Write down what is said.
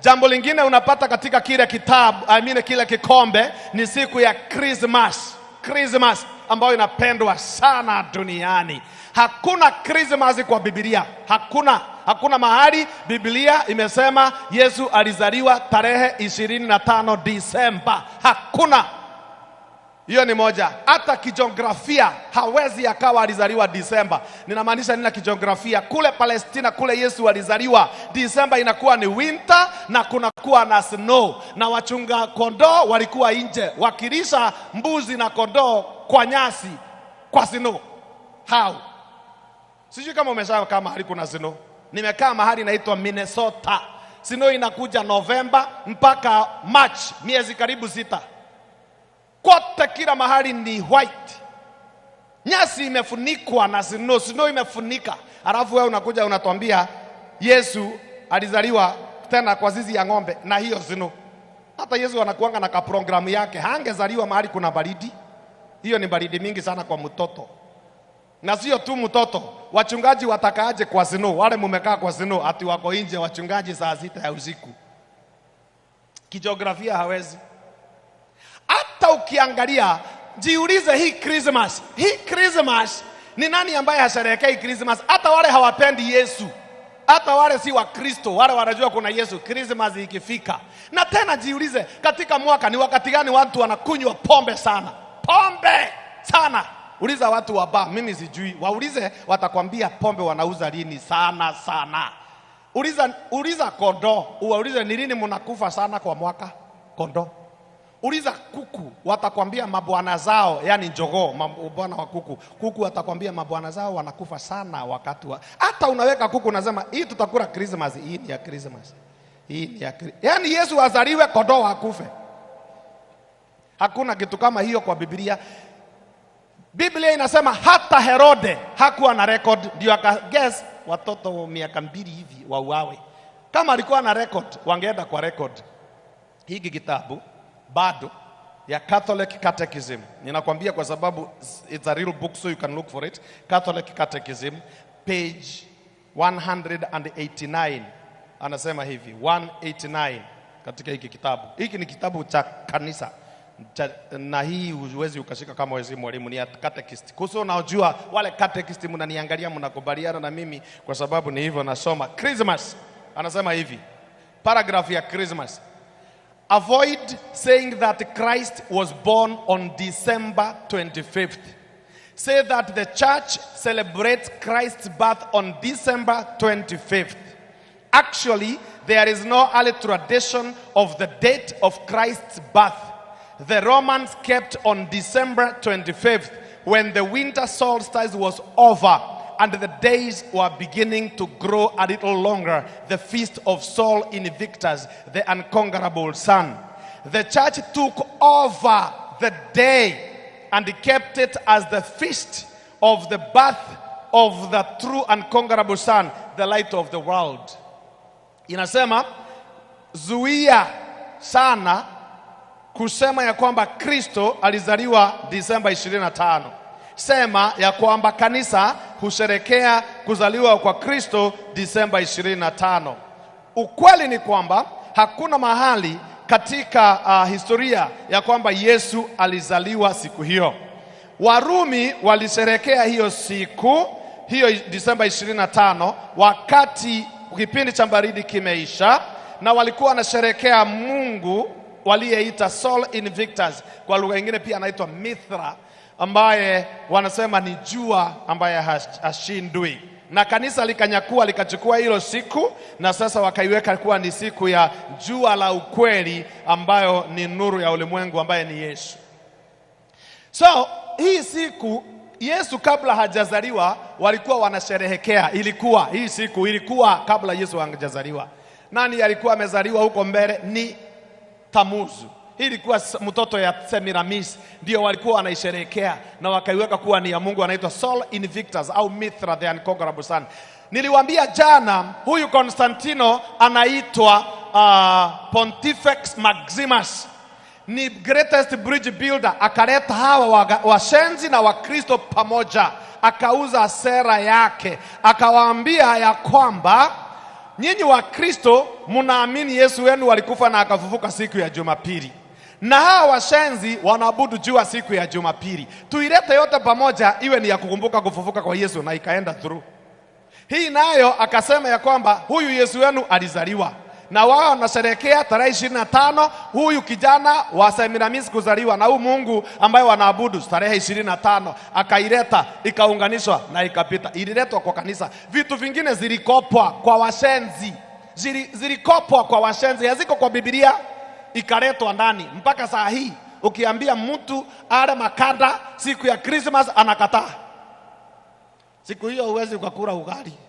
Jambo lingine unapata katika kile kitabu, I mean kile kikombe ni siku ya Christmas. Christmas ambayo inapendwa sana duniani. Hakuna Christmas kwa Biblia, hakuna hakuna mahali Biblia imesema Yesu alizaliwa tarehe 25 Disemba, hakuna hiyo ni moja. Hata kijiografia hawezi akawa alizaliwa Disemba. Ninamaanisha nina kijiografia, kule Palestina kule Yesu alizaliwa Disemba, inakuwa ni winter na kunakuwa na snow, na wachunga kondoo walikuwa nje wakilisha mbuzi na kondoo kwa nyasi kwa snow. How? Sijui kama umeshakaa mahali kuna snow. Nimekaa mahali inaitwa Minnesota, snow inakuja Novemba mpaka March, miezi karibu sita kote, kila mahali ni white, nyasi imefunikwa na snow, snow imefunika. Alafu wewe unakuja unatuambia Yesu alizaliwa tena kwa zizi ya ng'ombe na hiyo snow. Hata Yesu anakuanga na kaprogramu yake, hangezaliwa mahali kuna baridi. Hiyo ni baridi mingi sana kwa mtoto, na sio tu mtoto. Wachungaji watakaaje kwa snow? Wale mumekaa kwa snow, ati wako nje wachungaji saa sita ya usiku, kijiografia hawezi ukiangalia, jiulize hii Christmas, hii Christmas ni nani ambaye hasherehekei Christmas? Hata wale hawapendi Yesu, hata wale si Kristo, wale wanajua kuna Yesu Christmas ikifika. Na tena jiulize, katika mwaka ni wakati gani watu wanakunywa pombe sana? Pombe sana. Uliza watu wa baa, mimi sijui, waulize, watakwambia pombe wanauza lini sana sana. Uliza, uliza kondoo, uwaulize ni lini mnakufa sana kwa mwaka kondoo Uliza kuku, watakwambia mabwana zao, yani jogoo, bwana wa kuku. Kuku watakwambia mabwana zao wanakufa sana wakati wa hata unaweka kuku, unasema hii tutakula Christmas, hii ni ya Christmas, hii ni ya yani Yesu azaliwe, kondoo akufe. Hakuna kitu kama hiyo kwa Biblia. Biblia inasema hata Herode hakuwa na record, ndio guess watoto miaka mbili hivi wauawe. Kama alikuwa na record, wangeenda kwa record. Hiki kitabu bado ya Catholic Catechism. Ninakwambia kwa sababu it's a real book so you can look for it. Catholic Catechism page 189 anasema hivi 189 katika hiki kitabu. Hiki ni kitabu cha kanisa cha, na hii huwezi ukashika kama wezi mwalimu, ni ya catechist. Kuso unaojua wale catechist, mnaniangalia mnakubaliana na mimi kwa sababu ni hivyo nasoma. Christmas anasema hivi, paragraph ya Christmas Avoid saying that Christ was born on December 25th. Say that the church celebrates Christ's birth on December 25th. Actually, there is no early tradition of the date of Christ's birth. The Romans kept on December 25th when the winter solstice was over and the days were beginning to grow a little longer. The feast of Saul Invictus, the unconquerable son. The church took over the day and kept it as the feast of the birth of the true unconquerable son, the light of the world. Inasema zuia sana kusema ya kwamba Kristo alizaliwa Disemba 25. Sema ya kwamba kanisa husherekea kuzaliwa kwa Kristo Disemba 25. Ukweli ni kwamba hakuna mahali katika uh, historia ya kwamba Yesu alizaliwa siku hiyo. Warumi walisherekea hiyo siku hiyo Disemba 25 wakati kipindi cha baridi kimeisha, na walikuwa wanasherekea Mungu waliyeita Sol Invictus, kwa lugha nyingine pia anaitwa Mithra, ambaye wanasema ni jua ambaye hashindwi na kanisa likanyakua likachukua hilo siku na sasa wakaiweka kuwa ni siku ya jua la ukweli, ambayo ni nuru ya ulimwengu, ambaye ni Yesu. So hii siku Yesu kabla hajazaliwa walikuwa wanasherehekea, ilikuwa hii siku, ilikuwa kabla Yesu hajazaliwa. Nani alikuwa amezaliwa huko mbele? Ni Tamuzu. Hii ilikuwa mtoto ya Semiramis, ndio walikuwa wanaisherehekea na wakaiweka kuwa ni ya Mungu, anaitwa Sol Invictus au Mithra the Unconquerable Sun. Niliwaambia jana huyu Konstantino anaitwa uh, Pontifex Maximus ni greatest bridge builder. Akaleta hawa washenzi na Wakristo pamoja, akauza sera yake, akawaambia ya kwamba nyinyi wa Kristo munaamini Yesu wenu walikufa na akafufuka siku ya Jumapili, na hawa washenzi wanaabudu jua siku ya Jumapili. Tuilete yote pamoja, iwe ni ya kukumbuka kufufuka kwa Yesu, na ikaenda through hii nayo, akasema ya kwamba huyu Yesu wenu alizaliwa na wao wanasherekea tarehe ishirini na tano huyu kijana wa Semiramis kuzaliwa na huyu Mungu ambaye wanaabudu tarehe ishirini na tano akaileta ikaunganishwa na ikapita, ililetwa kwa kanisa. Vitu vingine zilikopwa kwa washenzi, zilikopwa kwa washenzi, haziko kwa Biblia, ikaletwa ndani mpaka saa hii. Ukiambia mtu ale makanda siku ya Krismas anakataa. Siku hiyo huwezi ukakula ugali.